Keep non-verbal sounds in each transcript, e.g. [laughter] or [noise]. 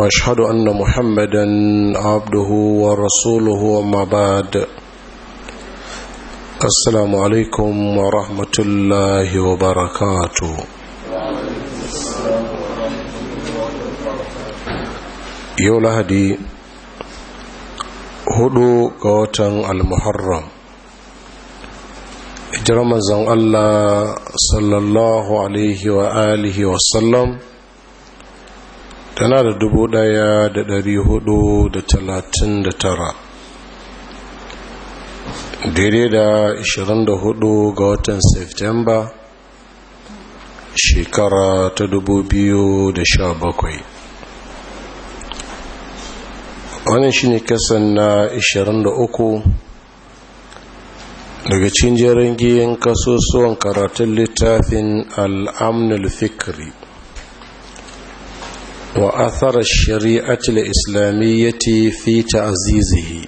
واشهد ان محمدا عبده ورسوله وما بعد السلام عليكم ورحمه الله وبركاته yau lahadi hudu ga watan almuharram hijirar manzon allah sallallahu alaihi wa alihi tana da dubu ɗaya da dari hudu da talatin da tara daidai da da hudu ga watan Septemba shekara ta dubu biyu da sha wani wannan shine kasan na da uku daga cikin jirgin kasusuwan karatun littafin al'amnul fikri وأثر الشريعة الإسلامية في تعزيزه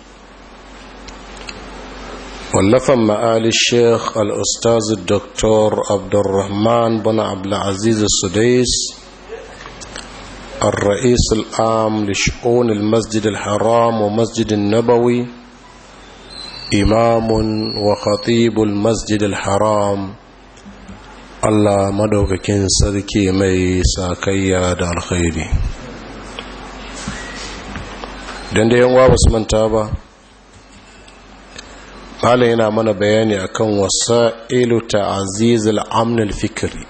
ولف مآل الشيخ الأستاذ الدكتور عبد الرحمن بن عبد العزيز السديس الرئيس العام لشؤون المسجد الحرام ومسجد النبوي إمام وخطيب المسجد الحرام Allah madaukakin sarki mai sakayya da alkhairi don da yawa ba su manta ba Malam yana mana bayani akan wasa ilu ta'azizul amnul fikri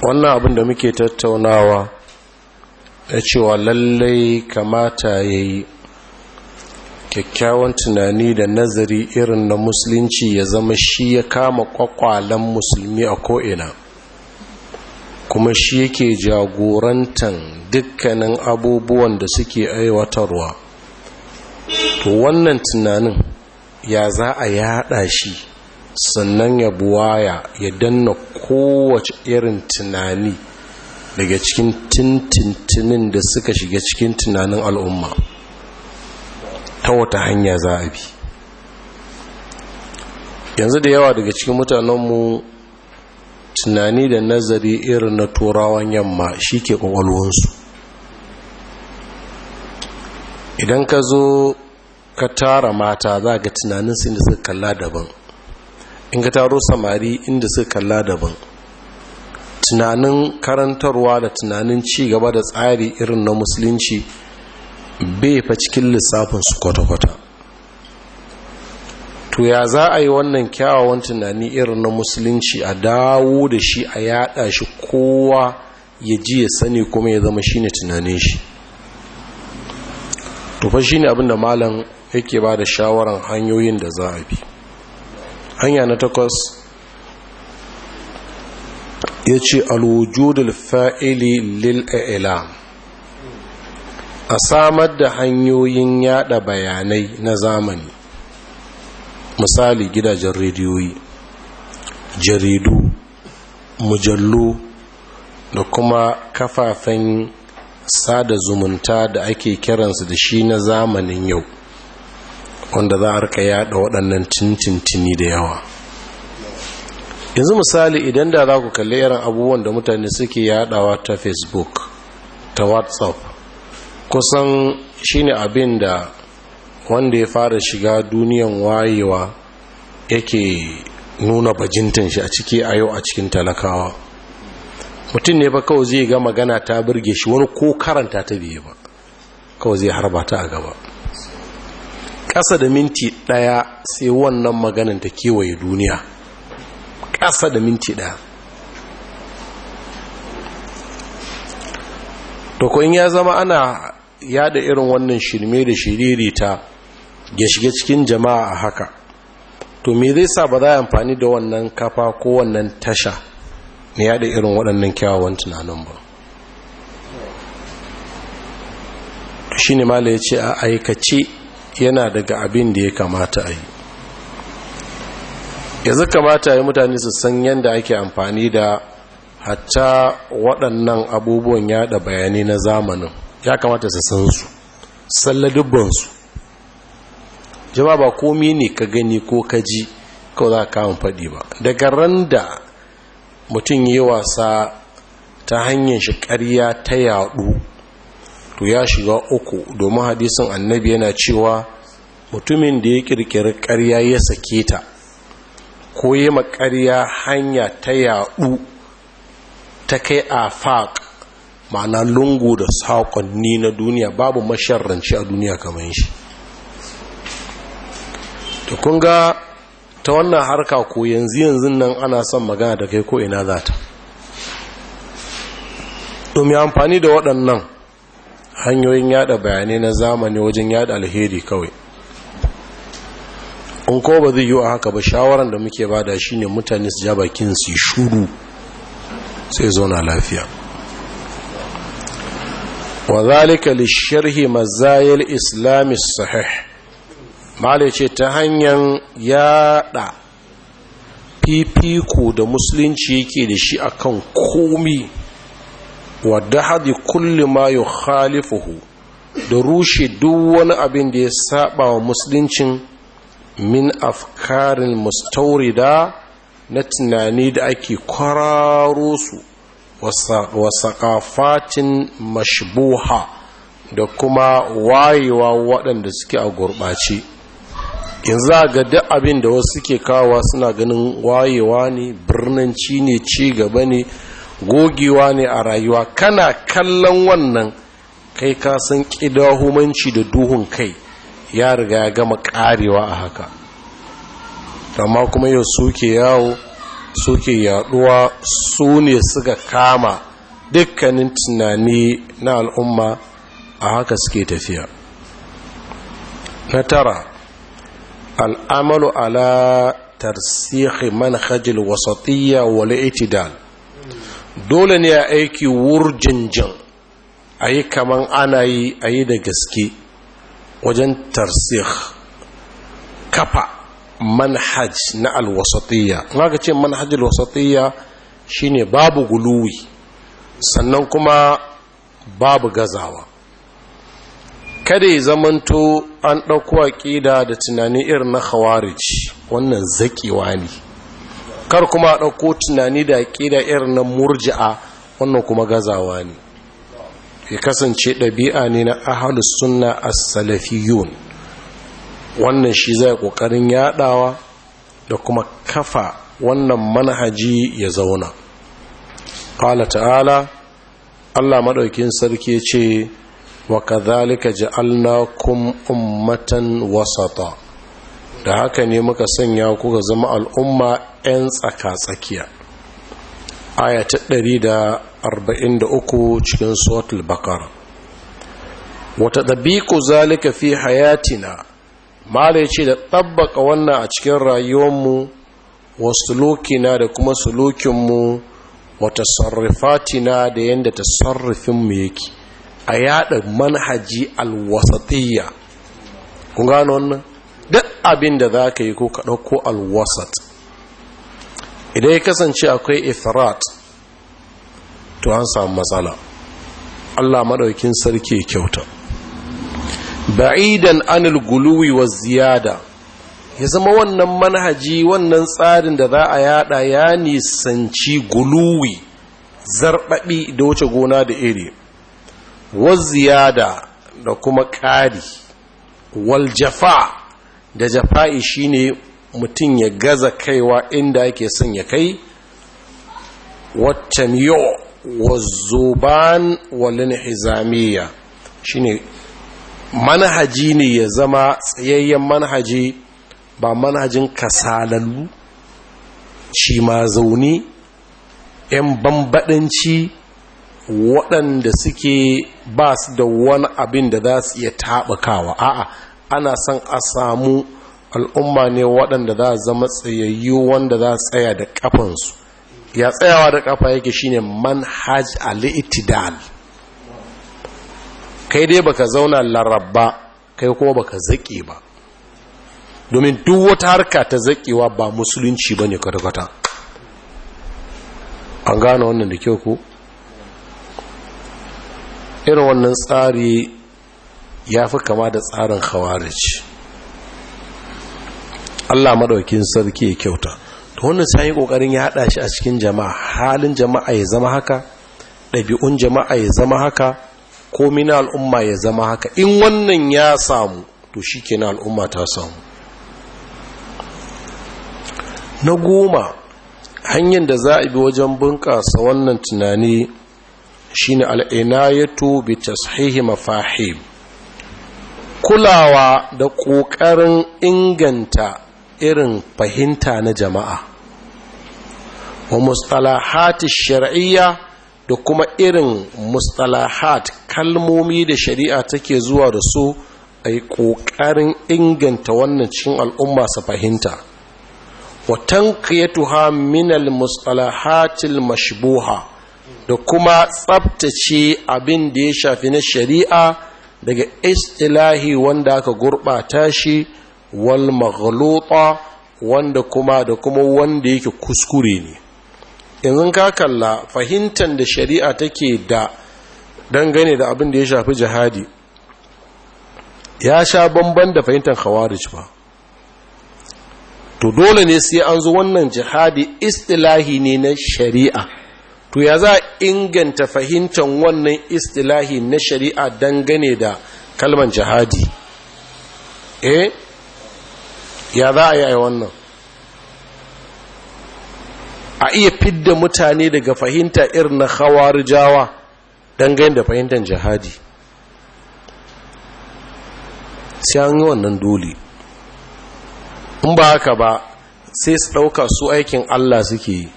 wannan abin da muke tattaunawa ya cewa lallai kamata yayi kyakkyawan tunani da nazari irin na musulunci ya zama shi ya kama kwakwalen musulmi a ko'ina kuma shi yake jagorantan dukkanin abubuwan da suke aiwatarwa to wannan tunanin ya za a yada shi sannan ya buwaya ya danna kowace irin tunani daga cikin tintintinin da suka shiga cikin tunanin al'umma ta wata hanya za a bi yanzu da yawa daga cikin mutanenmu tunani da nazari irin na turawan yamma shi ke idan ka zo ka tara mata za ga tunanin su inda suka kalla daban in ka taro samari inda suka kalla daban tunanin karantarwa da tunanin ci gaba da tsari irin na musulunci bai fa cikin lissafin su kwata-kwata to ya za a yi wannan kyawawan tunani irin na musulunci a dawo da shi a yada shi kowa ya ji ya sani kuma ya zama shi ne tunanin shi tufa ne abinda malam yake ba da shawaran hanyoyin da za a bi hanya na takwas ya ce alwujudul fa'ili lil'ilam a samar da hanyoyin yada bayanai na zamani misali gidajen rediyoyi jaridu mujallu da kuma kafafen sada zumunta da ake kiransu da shi na zamanin yau wanda za a rika yada waɗannan tintintini da yawa yanzu misali idan da za ku kalli irin abubuwan da mutane suke yadawa ta facebook ta whatsapp kusan shine abin da wanda ya fara shiga duniyan wayewa yake nuna bajintan shi a ciki a yau a cikin talakawa mutum ne ba kawai zai ga magana ta birge shi wani ko karanta ta biye ba kawai zai harba ta a gaba ƙasa da minti ɗaya sai wannan maganin ta kewaye duniya ƙasa da minti ɗaya to ya zama ana yada irin wannan shirme da ta ya shiga cikin jama'a a haka to me zai sa ba za a amfani da wannan kafa ko wannan tasha na yada irin waɗannan kyawawan tunanin ba shi ne mala ya ce a aikace yana daga abin da ya kamata a yi yanzu kamata ya mutane su san yadda ake amfani da hatta waɗannan abubuwan yada bayani na zamanin ya kamata su san su salladubbansu jama'a ba komi ne ka gani ko ka ji kawai za ka faɗi ba daga ran da mutum yi wasa ta hanyar shi ƙarya ta yaɗu to ya shiga uku domin hadisin annabi yana cewa mutumin da ya ƙirƙiri ƙarya ya sake ta ko yi ƙarya hanya ta yaɗu ta kai a faƙa ma'ana lungu da saƙonni na duniya babu masharranci a duniya kamar shi da kun ta wannan harka ko yanzu yanzu nan ana son magana da kai ko ina za ta domin amfani da waɗannan hanyoyin yada bayanai na zamani wajen yada alheri kawai in ko ba zai yi a haka ba shawaran da muke bada shine mutane su ja bakin su shuru sai zauna lafiya Wazalika zalika lisharhi mazayil islami sahih mali ce ta hanyar yaɗa fifiko da musulunci yake da shi akan komi wadda hadi kulli ma yi da rushe duk wani abin da ya saba wa musuluncin min afkarin mustaurida na tunani da ake kwararo su wasaƙafatin mashbuha da kuma wayewa waɗanda suke a gurɓace yanzu a ga duk abin da wasu suke kawowa suna ganin wayewa ne birnanci ne ci gaba ne gogewa ne a rayuwa kana kallon wannan kai ka san ƙidahumanci da duhun kai ya riga ya gama ƙarewa a haka amma kuma yau suke yawo suke yaduwa su ne suka kama dukkanin tunani na al'umma a haka suke tafiya na tara al'amalu ala tarsihi manhajil wasatiyya wal itidal dole ne a aiki wurjinjin a yi kaman ana yi a yi da gaske wajen tarsih kafa manhaj na alwasatiyya kuma ga ce manhaj alwasatiyya shine babu guluwi sannan kuma babu gazawa kada ya zamanto an ɗauko aƙida da tunani irin na khawarij wannan zaƙewa ne kar kuma a ɗauko tunani da aƙida irin na murji'a wannan kuma gazawa ne ya kasance ɗabi'a ne na ahalus sunna as-salafiyun wannan shi zai kokarin yadawa da kuma kafa wannan manhaji ya zauna qala ta'ala Allah madaukin sarki ce wa kadhalika ja'alnakum ummatan wasata da haka ne muka sanya ku ga zama al'umma 'yan tsaka-tsakiya aya ta 143 cikin suratul baqara wata dabiqu zalika fi hayatina malai ce da tabbaka wannan a cikin rayuwanmu wa sulukina da kuma sulukinmu wa tasarrufatina da yadda tasarrufinmu yake a yada manhaji alwasatiyya Ku gano wannan duk abin da za ka yi ko ka ɗauko alwasat idan ya kasance akwai ifrat to an samu matsala allah maɗaukin sarki kyauta ba'idan anil guluwi wa ziyada ya zama wannan manhaji wannan tsarin da za a yada ya nisanci guluwi zarbabi da wuce gona da iri wa ziyada da kuma ƙari wal jafa da jafa'i shine mutum ya gaza kaiwa inda yake son ya kai watan miyo wa zuban walin izamiya shine manhaji ne ya zama tsayayyen manhaji ba manhajin kasalallu shima ma zaune 'yan bambadanci waɗanda suke ba su da wani abin da za su iya taɓakawa a'a ana son a samu al'umma ne waɗanda za zama tsayayyu wanda za tsaya da ƙafansu ya tsayawa da ƙafa yake shine manhaj al-itidal kai dai baka zauna larabba kai kuma baka zaƙe ba domin duk wata harka ta zaƙewa ba musulunci ba ne kwata-kwata an gane wannan da kyau ko irin wannan tsari ya fi kama da tsarin khawarij Allah maɗaukin sarki ya kyauta to wannan sai yi kokarin ya hada shi a cikin jama'a halin jama'a ya zama haka ɗabi'un jama'a ya zama haka komi na al'umma ya zama haka in wannan ya samu to shi ke na al'umma ta samu na goma hanyar da za a bi wajen bunƙasa wannan tunani shine al'inayato bi tashihi mafahim kulawa da ƙoƙarin inganta irin fahimta na jama'a wa mustalahati shar'iyya da kuma irin mustalahat kalmomi da shari'a take zuwa da su a yi ƙoƙarin inganta wannan cikin al'umma su fahimta watan kiyatuha minal mustalahatil mashbuha da kuma tsabtace abin da ya shafi na shari'a daga istilahi wanda aka gurɓata shi wal maghluta wanda kuma da kuma wanda yake kuskure ne yanzu ka kalla fahimtar da shari'a take da dangane da abin da ya shafi jihadi ya sha bamban da fahimtar khawarij ba to dole ne sai an zo wannan jihadi istilahi ne na shari'a to ya za inganta fahimtar wannan istilahi na shari'a dangane da kalman jihadi eh ya za a yi wannan a iya fidda mutane daga fahimta irin na hawar don dangane da fahimtar jihadi sai an yi wannan dole in ba haka ba sai su ɗauka su aikin Allah suke yi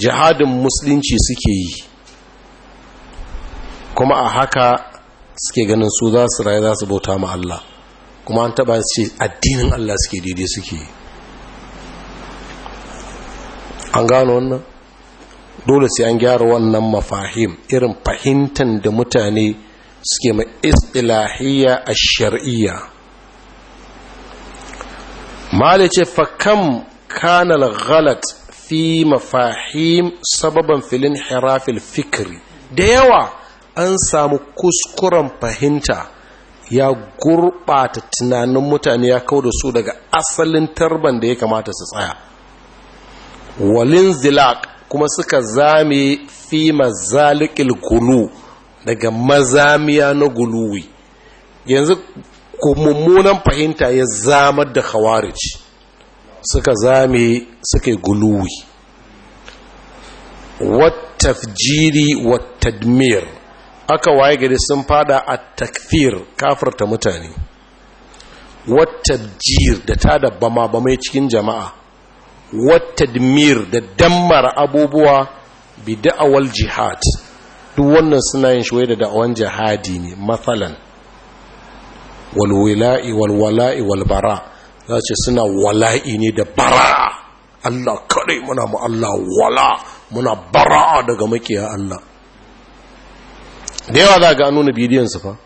jihadin musulunci suke yi kuma a haka suke ganin su za su rayu za su bauta ma Allah kuma an taba ce addinin Allah suke daidai suke yi an gano wannan dole sai an gyara wannan mafahim irin fahimtar da mutane suke mai istilahiyya a shari'iyya mali ce fakam kanal galat fi mafahim sababan filin hirafil fikiri da yawa an samu kuskuren fahimta ya gurɓata tunanin mutane ya kawo da su daga asalin tarban da ya kamata su tsaya walin zilak kuma suka zame fi mazalikil gulu daga mazamiya na guluwi yanzu ko mummunan fahimta ya zamar da khawarij suka zame suka yi guluwi watafjiri watadmir aka waye gari sun fada a takfir kafarta mutane wattajir da ta dabba ma ba mai cikin jama'a watadmir da dammar abubuwa bi da'awal jihad duk wannan suna yin shi da da'awan jihadi ne matsalan walwila'i walwala'i walbara za ce suna wala'i ne da bara Allah kadai muna mu Allah wala muna bara daga makiya Allah da yawa za ga an nuna bidiyansu fa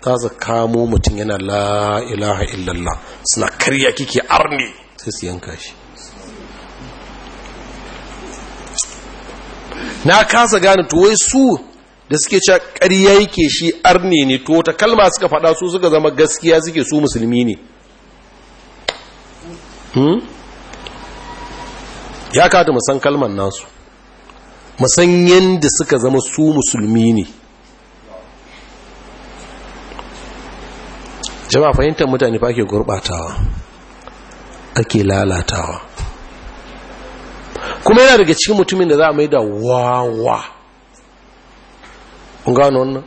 ta za kamo mutum yana la ilaha illallah suna karya kike arne sai su yanka shi na kasa gane tuwai su da suke cewa ƙarya yake shi arne ne to ta kalma suka faɗa su suka zama gaskiya suke su musulmi ne hmm? ya kata musan kalman nasu musan yadda suka zama su musulmi ne jama'a fahimtar mutane fa ke gurɓatawa ake lalatawa kuma yana daga cikin mutumin da za a mai da wawa kun gano wannan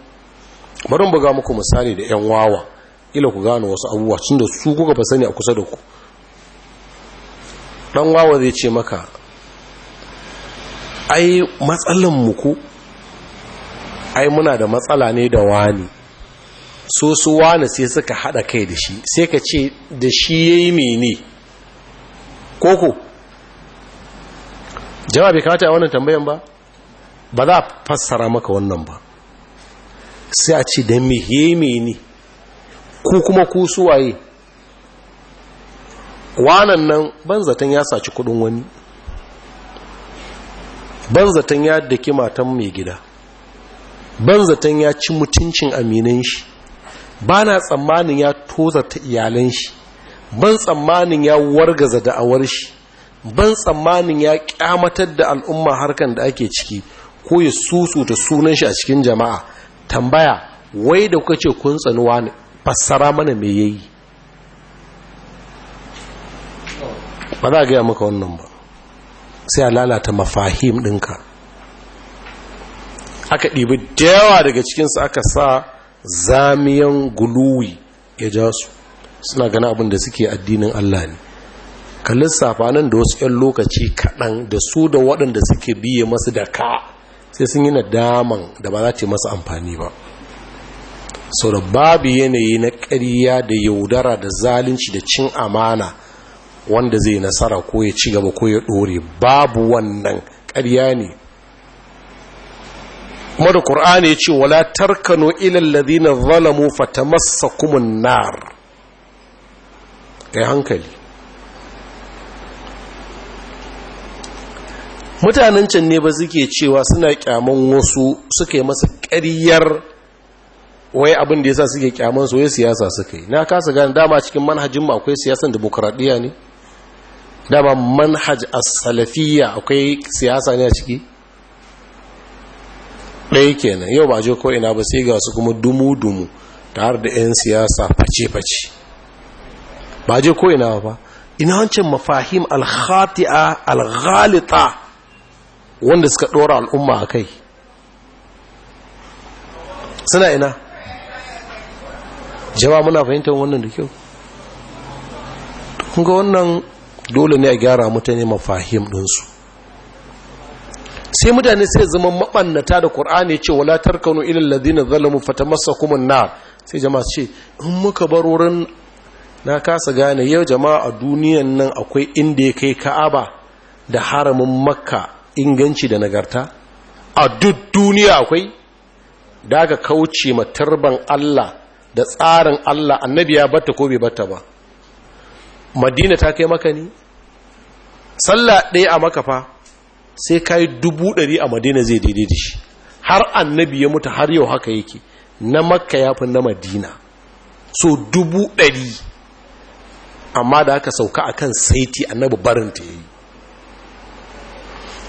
marin buga muku misali da 'yan wawa ila ku gano wasu abubuwa cin da su kuka ba sani a kusa da ku ɗan wawa zai ce maka ai matsalan mu ku ai muna da matsala ne da wani so su wani sai suka hada kai da shi sai ka ce da shi ya yayi mene koko jama'a bai kamata a wannan tambayan ba ba za a fassara maka wannan ba sai a ce da mihimini ne ku kuma ku suwaye wanan nan banzatan ya saci kudin wani banzatan ya daki matan mai gida banzatan ya ci mutuncin aminan shi ba na tsammanin ya tozarta iyalan shi ban tsammanin ya wargaza da'awar shi ban tsammanin ya kyamatar da al'umma harkan da ake ciki ko ya susuta sunan shi a cikin jama'a tambaya wai da kuka ce kun tsanuwa ne fassara mana me yi? ba za a gaya maka wannan ba sai a lalata mafahim ɗinka aka ɗibi yawa daga cikinsu aka sa zamiyan guluwi ya ja su suna gana abin da suke addinin Allah ne ka lissafa nan da wasu 'yan lokaci kaɗan da su da waɗanda suke biye masu da ka sai sun yi na daman da ba za ce masu amfani ba sau da babu yanayi na ƙarya da yaudara da zalunci da cin amana wanda zai nasara ko ya ci gaba ko ya ɗore babu wannan ƙarya ne kuma da ya ce wala tarkano ilallazi na zalamu kuma nar kai hankali mutanen can ne ba suke cewa suna kyaman wasu suke masa ƙaryar wai abin da ya sa suke kyaman su wai siyasa suke? na kasa gani dama cikin manhajin mu akwai siyasan demokradiya ne dama manhaj a salafiyya akwai siyasa ne a ciki ɗaya kenan yau ba je ko ina ba sai ga wasu kuma dumu-dumu har da 'yan siyasa face-face ba je ko ina ba ina wancan mafahim alkhati'a alghalita wanda suka ɗora al'umma a kai suna ina jama muna fahimtar wannan da kyau ga wannan dole ne a gyara mutane mafahim ɗinsu sai mutane sai zama maɓannata da ƙur'ani ce wala tarkanu ilin ladina zalamu masa kuma na? sai jama'a ce in muka bar wurin na kasa gane yau jama'a a duniyan nan akwai inda ya kai ka'aba da haramin makka inganci da nagarta a duk duniya akwai da aka kauce ma tarban Allah da tsarin Allah annabi ya batta ko bai bata ba madina ta kai maka ne sallah ɗaya a maka fa sai kayi dubu ɗari a madina zai daidai da shi har annabi ya mutu har yau haka yake na makka ya fi na madina so dubu ɗari amma da aka sauka akan saiti annabi barinta ya yi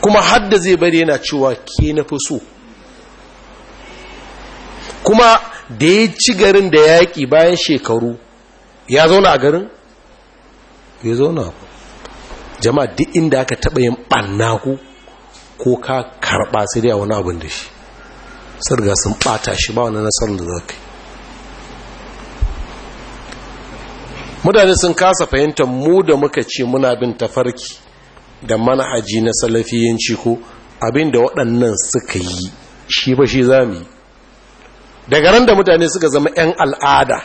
kuma hadda zai bari yana cewa ke na fi so kuma da ya ci garin da ya yaƙi bayan shekaru ya zauna a garin? ya zauna jama'a duk inda aka taɓa yin ɓanna ku ko ka karɓa sai dai a wani abin da shi sarga sun ɓata shi ba wani nasarar da za ka mutane sun kasa fahimtar mu da muka ce muna bin tafarki da manhaji na salafiyanci ko abinda waɗannan suka yi shi ba shi za mu yi daga ran da mutane suka zama 'yan al'ada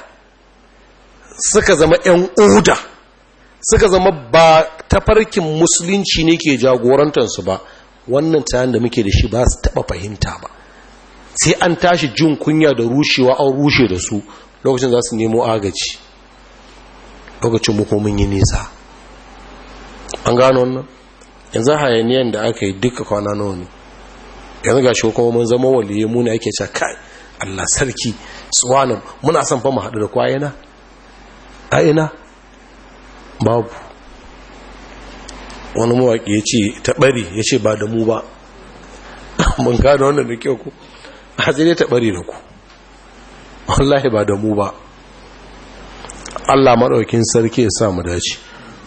suka zama 'yan oda suka zama ba tafarkin musulunci ne ke jagorantarsu ba wannan tayan da muke da shi ba su taɓa fahimta ba sai an tashi jin kunya da rushewa an rushe da su lokacin za su nemo agaci lokacin mukomin yi nisa an gano wannan yanzu hayaniyan da aka yi duka kwana nawa ne yanzu ga shi kuma mun zama wali mu ne ake cewa kai Allah sarki suwanan muna son fa mu haɗu da kwayena a ina babu wani mawaƙi ya ce taɓari ya ce ba da mu ba [laughs] mun gano wannan da kyau ku a zai ta taɓari da ku wallahi ba da mu ba Allah maɗaukin sarki ya sa mu dace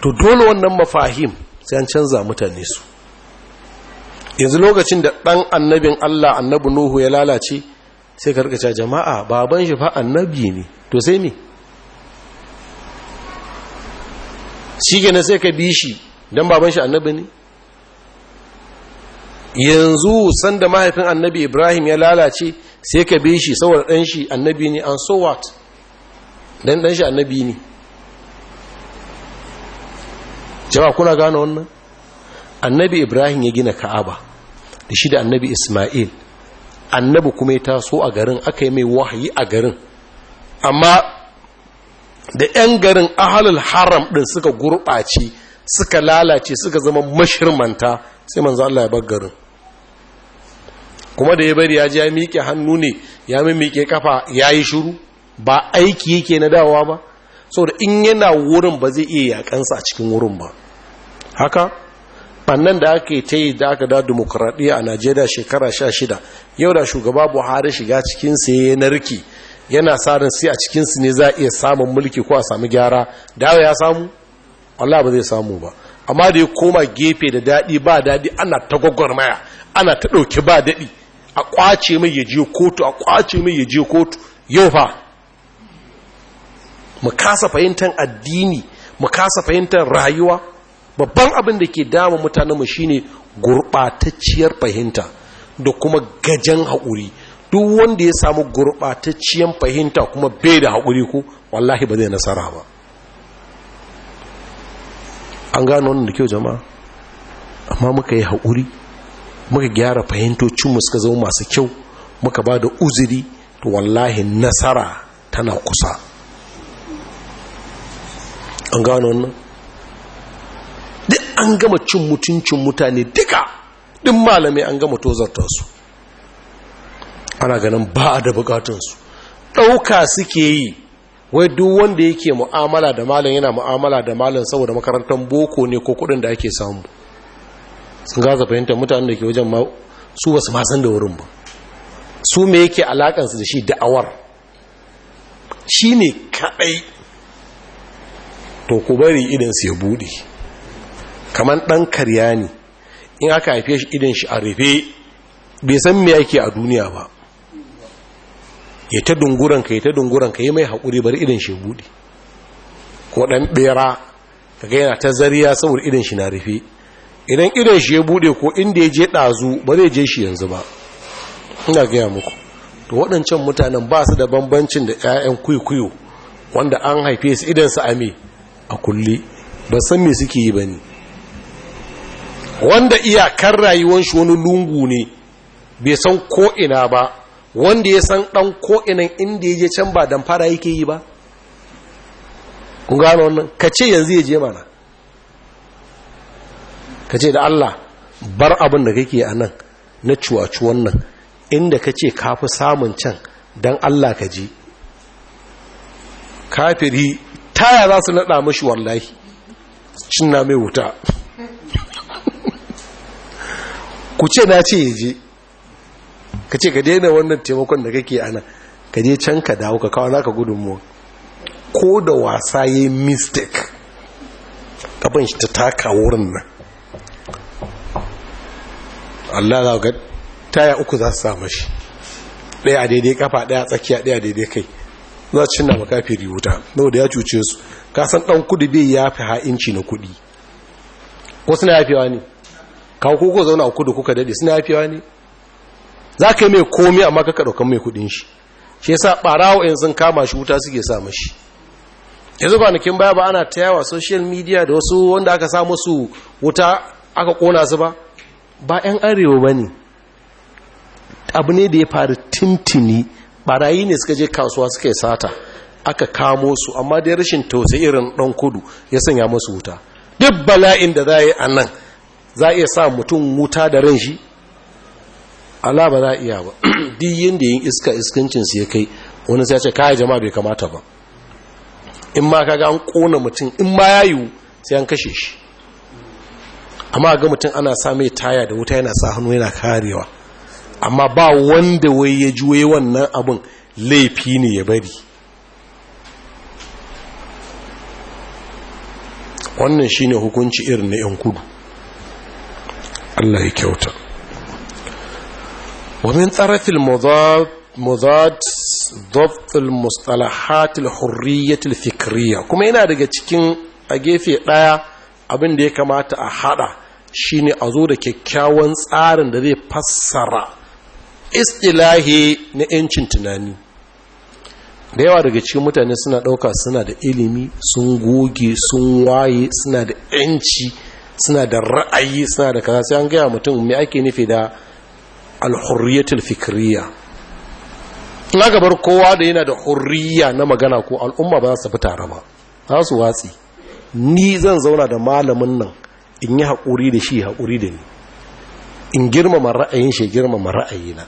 to dole wannan mafahim sai an canza mutane su yanzu lokacin da ɗan annabin Allah annabi Nuhu ya lalace sai ka rikace jama'a baban shi fa annabi ne to sai me ne sai ka bi shi dan baban shi annabi ne yanzu sanda mahaifin annabi Ibrahim ya lalace sai ka bi shi saboda ɗan shi annabi ne an so what dan ɗan shi annabi ne jama'a kuna gane wannan annabi ibrahim ya gina ka'aba da shi da annabi isma'il annabi kuma ya taso a garin aka yi mai wahayi a garin amma da 'yan garin ahalul haram ɗin suka gurɓace suka lalace suka zama mashirmanta sai manzo Allah ya bar garin kuma da ya bari ya ji ya miƙe hannu ne ya miƙe kafa ya yi shiru ba aiki yake na dawowa ba saboda in yana wurin ba zai iya yakansa a cikin wurin ba haka bannan da ake ta yi da aka da demokradiyya a najeriya shekara sha shida yau da shugaba buhari shiga cikin ya narki yana sarin sai a cikinsu ne za a iya samun mulki ko a sami gyara da ya samu Allah ba zai samu ba amma da ya koma gefe da daɗi ba daɗi ana ta gwagwarmaya ana ta ɗauki ba daɗi a ƙwace mai ya kotu a ƙwace mai ya kotu yau fa mu kasa fahimtar addini mu kasa fahimtar rayuwa babban abin da ke mutanen mu shine gurɓatacciyar fahimta da kuma gajen haƙuri duk wanda ya samu gurɓatacciyar fahimta kuma bai da haƙuri ko wallahi ba zai nasara ba an gano wannan da kyau jama'a amma muka yi haƙuri muka gyara fahimtocinmu suka zama masu kyau muka ba da uzuri to wallahi nasara tana kusa an gano wannan duk an gama cin mutuncin mutane duka duk malamai an gama tozartarsu ana ganin ba da bukatunsu ɗauka suke yi wai duk wanda yake mu'amala da malam yana mu'amala da malam saboda makarantar boko ne ko kudin da ake samu sun gaza fahimtar mutanen da ke wajen ma su basu ma san da wurin ba su me yake alakansu da shi da'awar shi ne kaɗai to ku bari idan su ya buɗe kamar ɗan karya ne in aka haife shi idan shi a rufe bai san me yake a duniya ba ya ta dunguranka ya ta dunguranka ya mai haƙuri bari idan shi buɗe ko ɗan ɓera kaga yana ta zariya saboda idan shi na rufe idan idan shi ya buɗe ko inda ya je ɗazu ba zai je shi yanzu ba ina gaya muku to waɗancan mutanen ba su da bambancin da 'ya'yan kuyukuyu wanda an haife su idan su ame a kulle ba san me suke yi ba ne wanda iyakar rayuwar shi wani lungu ne bai san ko'ina ba wanda ya san ɗan ko'inan inda ya je can ba don fara yake yi ba kun gano wannan ka ce yanzu ya je mana ka ce da Allah bar abin da kake a nan na cuwacuwan nan inda ka ce ka fi samun can don Allah ka je kafiri taya za su naɗa mashi wallahi cinna mai wuta ku ce na ce ya je ka ce ka daina wannan taimakon da kake ana ka je can ka dawo ka kawo naka mu. ko da wasa ya yi mistake abin shi ta taka wurin nan Allah za ga taya uku za su samu shi ɗaya daidai kafa ɗaya tsakiya ɗaya daidai kai za su cinna makafi rihuta Na da ya cuce su kasan ɗan kudu bai ya fi ha'inci na kuɗi wasu na yafewa ne kawo koko zauna a kudu kuka daɗe suna yafiwa ne za ka yi mai komi amma ka ɗaukan mai kudin shi shi yasa ɓarawo in kama shi wuta suke sa mashi yanzu kwanakin baya ba ana ta yawa social media da wasu wanda aka sa musu wuta aka ƙona su ba ba 'yan arewa ba ne abu ne da ya faru tintini barayi ne suka je kasuwa suka yi sata aka kamo su amma dai rashin tausayi irin ɗan kudu ya sanya musu wuta duk bala'in da za a yi a nan za iya sa mutum wuta da ran shi ala ba za iya ba [clears throat] duk yadda yin iska iskancinsu ya kai wani sai ce kaya jama'a bai kamata ba in ma kaga an kona mutum in ma ya yiwu sai an kashe shi amma ga mutum ana sa mai taya da wuta yana sa hannu yana karewa amma ba wanda wai ya juye wannan abin laifi ne ya bari wannan shine hukunci irin na 'yan kudu Allah ya kyauta wa min tsarafil mudad dabtul mustalahatil hurriyatil fikriya kuma yana daga cikin a gefe daya abin da ya kamata a hada shine a zo da kyakkyawan tsarin da zai fassara istilahi na yancin tunani da yawa daga cikin mutane suna ɗauka suna da ilimi sun goge sun waye suna da yanci suna da ra'ayi suna da kaza sai an gaya mutum me ake nufi da alhurriyatul fikiriya? Na gabar kowa da yana da hurriya na magana ko al'umma ba za su fi tare ba za su watsi ni zan zauna da malamin nan in yi haƙuri da shi haƙuri da ni in girmama ra'ayin shi girmama ra'ayina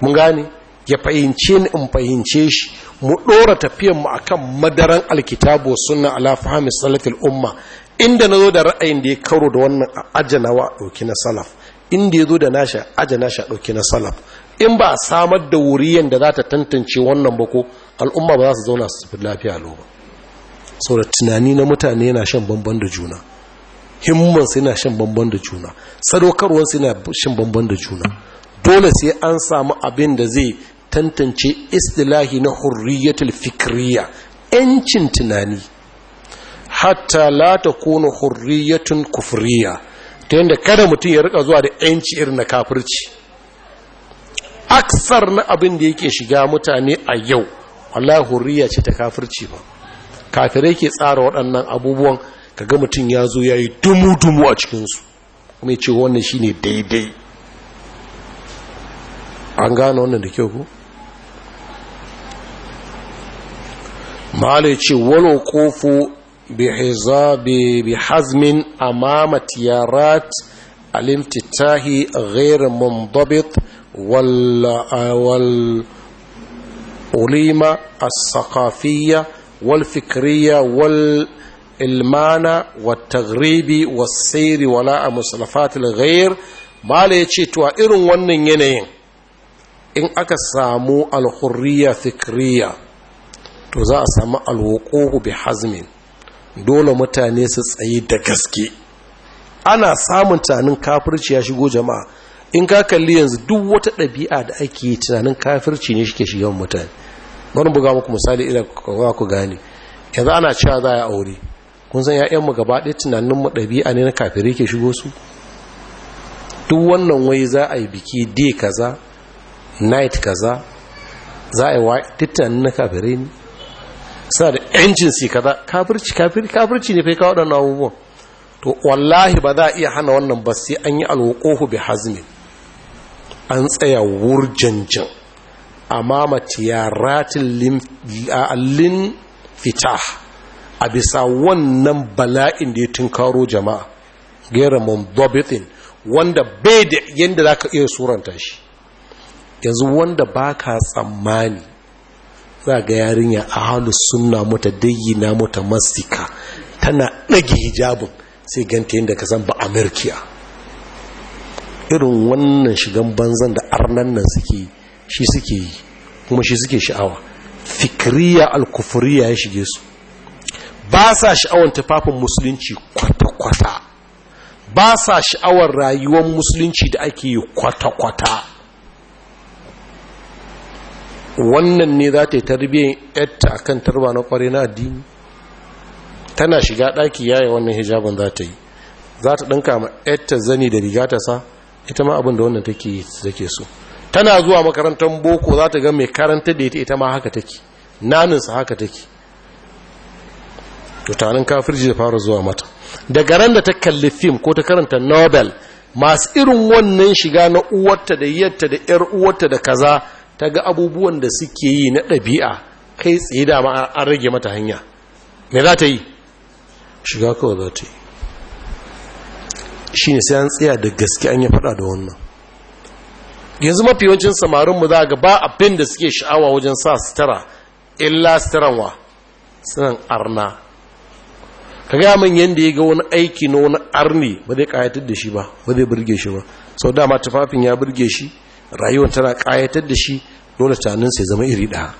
mun gane ya fahimce ni in fahimce shi mu ɗora tafiyanmu a kan madaran alkitabu suna ala fahimtar salatul umma inda na zo da ra'ayin da ya karo da wannan ajanawa ɗauki na salaf inda ya zo da nashi ajana shi ɗauki na salaf in ba a samar da wuriyan da za ta tantance wannan bako al'umma ba za su zauna su fi lafiya lo ba da tunani na mutane yana shan bamban da juna himmansu yana shan bamban da juna sadaukarwarsu yana shan bamban da juna dole sai an samu abin da zai tantance istilahi na hurriyatul fikriya 'yancin tunani hatta la takunu hurriyatun kufuriya, ta yadda kada mutum ya rika zuwa da yanci irin na kafirci aksar na abin da yake shiga mutane a yau wallahi hurriya ce ta kafirci ba kafirai ke tsara waɗannan abubuwan kaga mutum ya zo ya yi dumu-dumu a cikinsu kuma ce wannan shi ne daidai an gane wannan da kyau ku? ma'ala ya ce walo kofo بحزم أمام تيارات الامتتاه غير منضبط وال والأليمة الثقافية والفكرية والإلمانة والتغريب والسير ولاء مسلفات الغير ما ليتشي توا إرن ونن ينين in aka samu alhurriya fikriya to za a samu alwuquhu bi hazmin dole mutane su tsaye da gaske ana samun tunanin kafirci ya shigo jama'a in ka kalli yanzu duk wata ɗabi'a da ake yi tunanin kafirci ne shike shigan mutane bari buga muku misali idan kowa ku gane yanzu ana cewa za a aure kun san ya'yanmu gaba ɗaya tunanin mu ɗabi'a ne na kafirai ke shigo su duk wannan wai za a yi biki day kaza night kaza za a yi wa tunanin na kafirai ne suna da yancin kaza kafirci kafirci ne fai kawo waɗannan to wallahi ba za a iya hana wannan ba sai an yi alwakohu bi hazmin an tsaya wurjanjan ya ratin lin fita a bisa wannan bala'in da ya karo jama'a gera mumbabitin wanda bai da yadda za ka iya suranta shi yanzu wanda ba ka tsammani za ga yarinya mata sunna mata masika tana ɗage hijabin sai ganta yadda ka san ba irin wannan shigan banzan da arnan nan suke shi suke yi kuma shi suke sha'awa fikiriya alkufuriya ya shige su ba sa sha'awar tufafin musulunci kwata-kwata ba sa sha'awar rayuwar musulunci da ake yi kwata-kwata wannan ne za ta yi tarbiyyar yadda a kan tarba na kwarai na addini tana shiga ɗaki yaya wannan hijabin za ta yi za ta ɗinka ma yadda zani da riga sa ita ma abin da wannan take zake so tana zuwa makarantar boko za ta ga mai karanta da ita ita ma haka take naninsa haka take tutanen kafirji da fara zuwa mata daga ran da ta kalli fim ko ta karanta nobel masu irin wannan shiga na uwarta da yadda da yar uwarta da kaza ta ga abubuwan da suke yi na ɗabi'a kai tsaye da an rage mata hanya me za ta yi shiga kawai za ta yi shi ne sai an tsaya da gaske an yi faɗa da wannan yanzu mafi yawancin samarinmu za ga ba abin da suke sha'awa wajen sa sutara illa suturanwa sunan arna ka ga min yadda ya ga wani aiki na wani arni ba zai kayatar da shi ba ba zai birge shi ba sau dama tufafin ya birge shi rayuwar tana ƙayatar da shi dole tunaninsa ya zama iri ɗaya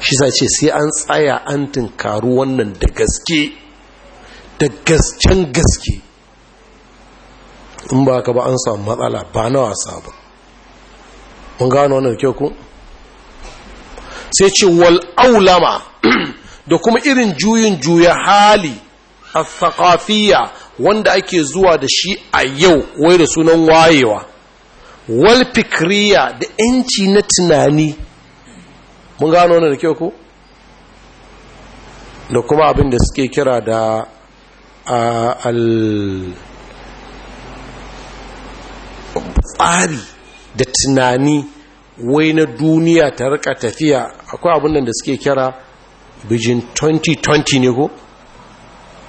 shi sa ce sai an tsaya an tunkaru wannan da gaske da gasken gaske in ba ka ba an samu matsala ba na wasa ba mun gano wannan kyau ku sai ce wal aulama [clears throat] da kuma irin juyin juya hali a wanda ake zuwa da shi a yau wai da sunan wayewa wal da yanci na tunani mun gano wani da kyau ko da kuma abin da suke kira da al tsari da tunani wai na duniya ta rika tafiya akwai abin da suke kira bijin 2020 ne ko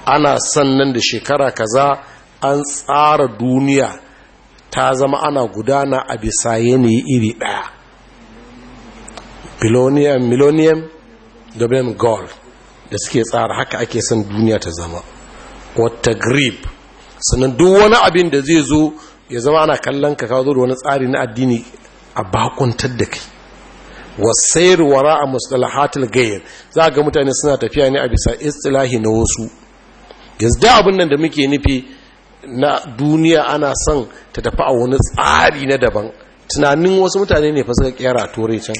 ana sannan da shekara kaza an tsara duniya ta zama ana gudana a bisa yanayi iri ɗaya millennium millennium dublin gold da suke tsara haka ake son duniya ta zama wata grip sannan duk wani abin da zai zo ya zama ana kallon ka kawo da wani tsari na addini a bakuntar da kai wasayar wara a mustalahatul gayar za a ga mutane suna tafiya ne a bisa istilahi na wasu yanzu da abin nan da muke nufi na duniya ana son ta tafi a wani tsari na daban tunanin wasu mutane ne fa suka kera turai can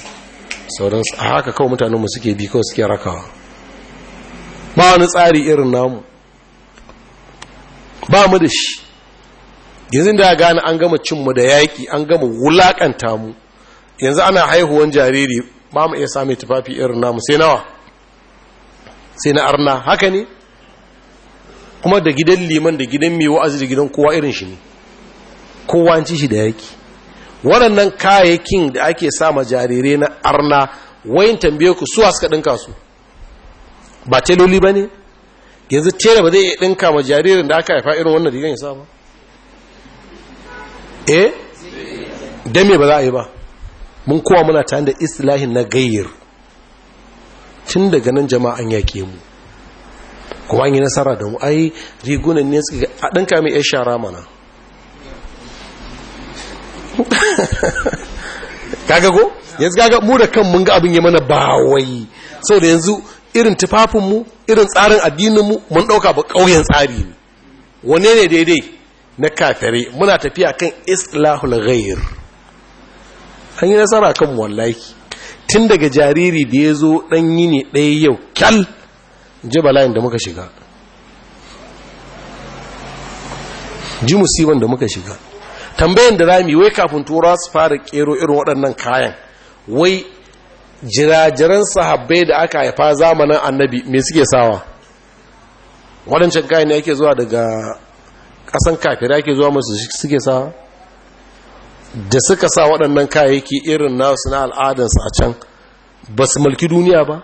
sauransu a haka kawai mutanenmu suke bi kawai suke rakawa ba wani tsari irin namu ba mu da shi yanzu da gane an gama cinmu da yaƙi an gama wulaƙanta mu yanzu ana haihuwan jariri ba mu iya sami tufafi irin namu sai nawa sai na arna haka ne kuma da gidan liman da gidan mai wa'azi da gidan kowa irin shi ne kowa an ci shi da yaki waɗannan kayayyakin da ake sa ma jarirai na arna wayin tambaye ku su suka ɗinka su ba teloli ba ne yanzu tela ba zai iya ɗinka ma jaririn da aka haifa irin wannan rigan ya sa ba eh dame ba za a yi ba mun kowa muna tare da islahin na gayyar tun daga nan jama'an yake mu kuma an yi nasara da mu ai rigunan ne suka a ɗanka mai 'yan shara mana [laughs] kaga ko yanzu kaga mu da kan mun ga abin yi mana bawai sau da yanzu irin tufafinmu irin tsarin addininmu mun ɗauka ba ƙauyen tsari ne wane ne daidai na kafirai muna tafiya kan islahul ghair an yi nasara kan wallahi tun daga jariri da ya zo ɗan yi ne ɗaya yau kyal ji bala'in da muka shiga ji musibin da muka shiga tambayin da rami wai kafin tura su fara kero irin waɗannan kayan wai jirajiran sahabbai da aka haifa zamanin annabi me suke sawa waɗancan kayan yake zuwa daga ƙasan kafira yake zuwa masu suke sawa da suka sa waɗannan kayayyaki irin nasu na al'adarsu a can ba su mulki duniya ba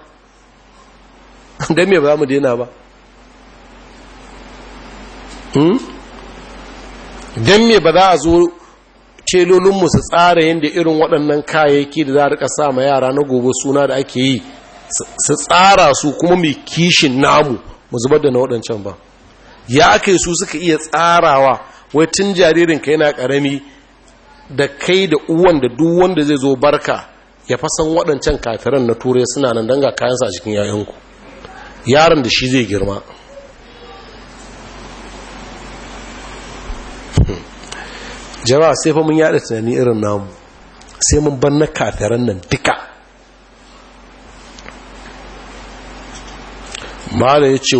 [laughs] don me ba mu daina ba hmm? don me ba za a zo mu su tsara yadda irin waɗannan kayayyaki da za a rika sa ma yara na gobe suna da ake yi su tsara su kuma mai kishin namu mu zubar da na waɗancan ba ya ake su suka iya tsarawa wai tun jaririnka yana ƙarami da kai da uwan da duk wanda zai zo barka ya fasan waɗancan kafiran na turai suna nan don ga kayansa a cikin yayanku yaron da shi zai girma jama'a sai fa mun yada tunani irin namu sai mun ban na kafiran nan duka mala ya ce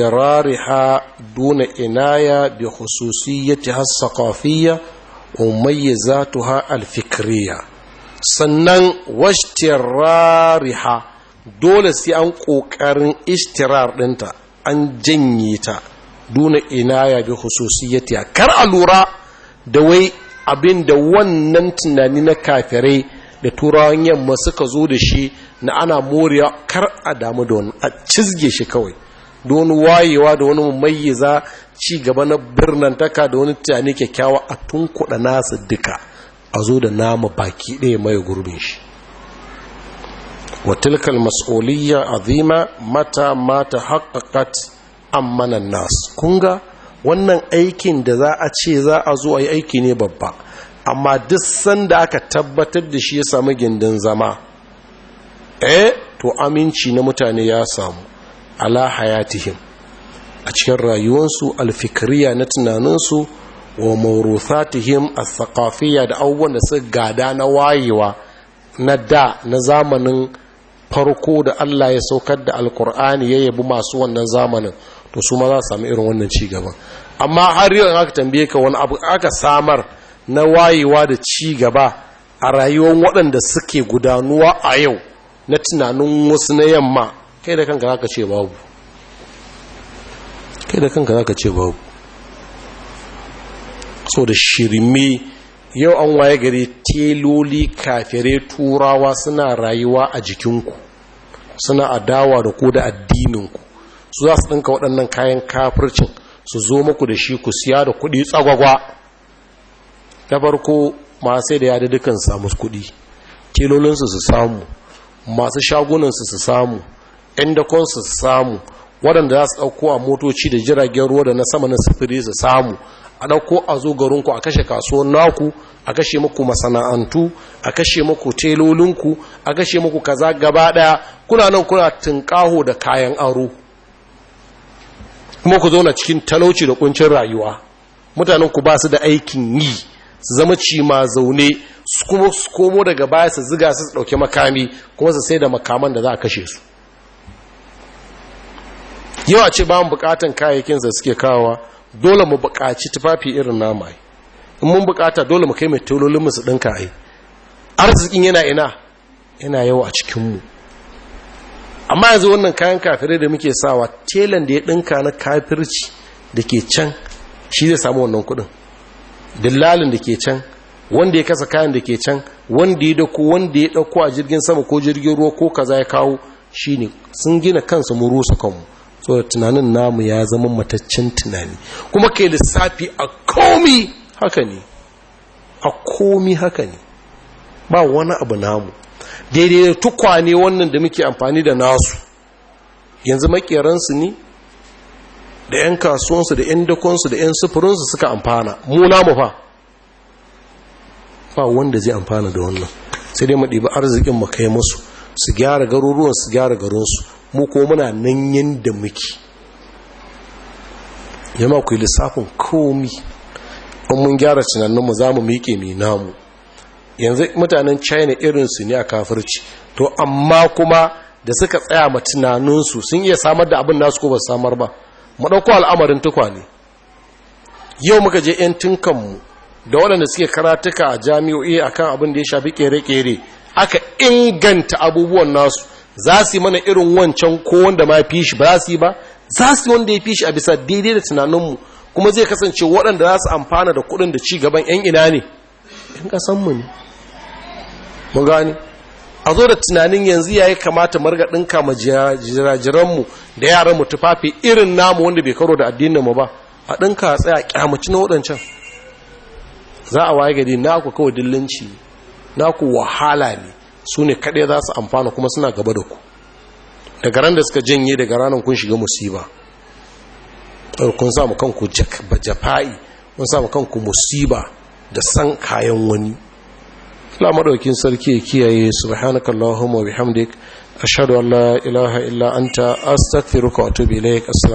ha duna inaya bi khususiyyati ha saqafiyya wa mayyizatuha al-fikriyya sannan wajtirariha dole sai an ƙoƙarin istirar ɗinta an janye ta duna ya bi hususiyatiya kar a lura da wai abin da wannan tunani na kafirai da turawan yamma suka zo da shi na ana moriya kar a damu da wani a cizge shi kawai don wayewa da wani za ci gaba na taka da wani tunani kyakkyawa a tunkuɗa nasa duka a zo da nama baki ɗaya mai gurbin shi wa tilkal azima mata mata haqqaqat ammanan nas kunga wannan aikin da za a ce za a zo a yi aiki ne babba amma duk sanda aka tabbatar da shi ya samu gindin zama eh to aminci na mutane ya samu ala hayatihim a cikin rayuwarsu, alfikiriya na tunaninsu wa mauruthatihim a saqafiyya da abubuwan da suka gada na wayewa na da na zamanin farko da Allah ya saukar da alkur'ani ya yabi masu wannan zamanin to su ma za su sami irin wannan ci gaba. amma har yau aka tambaye ka wani abu aka samar na wayewa da ci gaba a rayuwar waɗanda suke gudanuwa a yau na tunanin wasu na yamma kai da kanka zaka ce babu kai da kanka zaka ce babu so da shirme yau an waye gari teloli kafire turawa suna rayuwa a jikinku suna adawa da ku da addininku su za su ɗinka waɗannan kayan kafircin su zo muku da shi ku siya da kuɗi tsagwagwa ta farko masu da yada dukan samu kuɗi telolinsu su samu masu shagunansu su samu ‘yan su samu waɗanda za su ɗauko a motoci da jiragen ruwa da na sama na sufuri su samu a ɗauko a zo garinku a kashe kasuwan naku a kashe muku masana'antu a kashe muku telolinku a kashe muku kaza gaba ɗaya kuna nan kuna tunƙaho da kayan aro kuma ku zauna cikin talauci da kuncin rayuwa mutanen ku ba su da aikin yi su zama cima zaune su kuma su komo daga baya su ziga su dauke makami kuma su sai da makaman da za a kashe su yawa ce ba mu bukatan kayayyakin da suke kawowa dole mu buƙaci tufafi irin nama in mun buƙata dole mu kai mai tololin musu ɗinka dinka yi arzikin yana ina yana yawa a cikinmu. amma yanzu wannan kayan kafirai da muke sawa telan da ya ɗinka na kafirci da ke can shi zai samu wannan kudin dillalin da ke can wanda ya kasa kayan da ke can wanda ya dako wanda ya dako a jirgin sama ko jirgin ruwa ko kaza ya kawo shine sun gina kansu mu rusa kanmu so tunanin namu ya zama mataccen tunani kuma kai lissafi a komi haka ne a komi haka ne ba wani abu namu daidai da tukwane wannan da muke amfani da nasu yanzu makeransu ne da 'yan kasuwansu da 'yan dakonsu da 'yan sufurinsu suka amfana mu namu fa ba wanda zai amfana da wannan sai dai mu ɗiba arzikin mu musu su gyara garuruwan su gyara garinsu mu ko muna nan yadda muke yamma ku yi lissafin komi in mun gyara tunaninmu za mu miƙe mai namu yanzu mutanen china irinsu ne a kafirci to amma kuma da suka tsaya ma tunaninsu sun iya samar da abin nasu ko ba samar ba maɗauko al'amarin tukwane yau muka je 'yan tunkanmu da waɗanda suke karatuka a jami'o'i akan abin da ya shafi ƙere-ƙere aka inganta abubuwan nasu za su yi mana irin wancan ko wanda ma fi shi ba su yi ba za su yi wanda ya fi shi a bisa daidai da tunaninmu kuma zai kasance waɗanda za su amfana da kuɗin da ci gaban 'yan ina ne 'yan ƙasanmu ne mu gani a zo da tunanin yanzu ya yi kamata margaɗin kama jirajiranmu da yaran mu tufafi irin namu wanda bai karo da addinin mu ba a ɗinka a tsaya ƙyamaci na waɗancan za a waye gari naku kawai dillanci ku wahala ne su ne kaɗai za su amfana kuma suna gaba da ku daga ran da suka janye daga ranar kun shiga musiba kun samu kanku jafa'i kun samu kanku musiba da san kayan wani Allah sarki ya kiyaye su subhanakallahumma bihamdik ashhadu an la ilaha illa anta astaghfiruka wa atubu ilaik